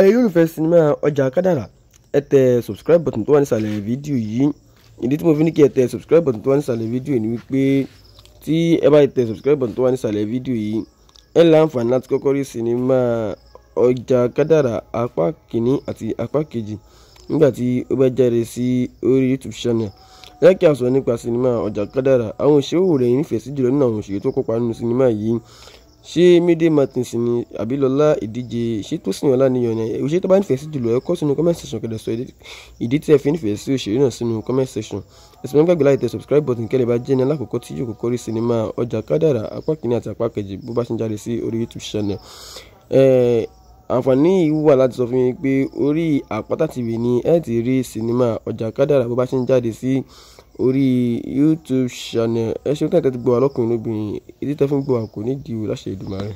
ẹ̀yin olùfẹ́ sinimá ọjà kádàrà ẹ tẹ subscribe button tó wà nísàlẹ̀ fídíò yìí ìdí tí mo fi ní kí ẹ tẹ subscribe button tó wà nísàlẹ̀ fídíò yìí ni wípé tí ẹ bá tẹ subscribe button tó wà nísàlẹ̀ fídíò yìí ẹ láǹfààní láti kọ́kọ́ rí sinimá ọjà kádàrà apá kìíní àti apá kejì nígbà tí ó bá jáde sí orí youtube channel yẹ kí a sọ nípa sinimá ọjà kádàrà àwọn òṣèré wo lẹ́yìn nífẹ̀ẹ́ sí jùlọ nínú àwọn òṣèré tó kópa nínú sinimá yìí ṣé midi Martins ni àbí Lọlá ìdíje ṣé tó sìn ọlá níyàn ni òṣèré tó bá nífẹ̀ẹ́ sí jùlọ ẹ kọ sínú comment section kẹdẹ sọ ìdí tí ẹ fi nífẹ̀ẹ́ sí òṣèré náà sínú comment section ẹsùn mẹ́gbàá gbé tẹ subscribe button kẹ́lẹ́ bá jẹ́ ní alákòókò tí yóò kọ́kọ́ rí sinimá ọjà kádàrà apá kìíní àti apá kejì bó bá ṣe ń jáde sí orí YouTube channel àǹfààní yìí wà láti sọ fún yín pé orí àpáta tv ni ẹ ti rí sinimá ọjà kádàrà bó bá ṣe ń jáde sí orí youtube channel ẹ ṣe kí ẹ tẹ́tí gbọ́ wa lọ́kùnrin lóbìnrin ètí tẹ́ fún gbọ́ wa kò ní di o láṣẹ Èdùmàrè.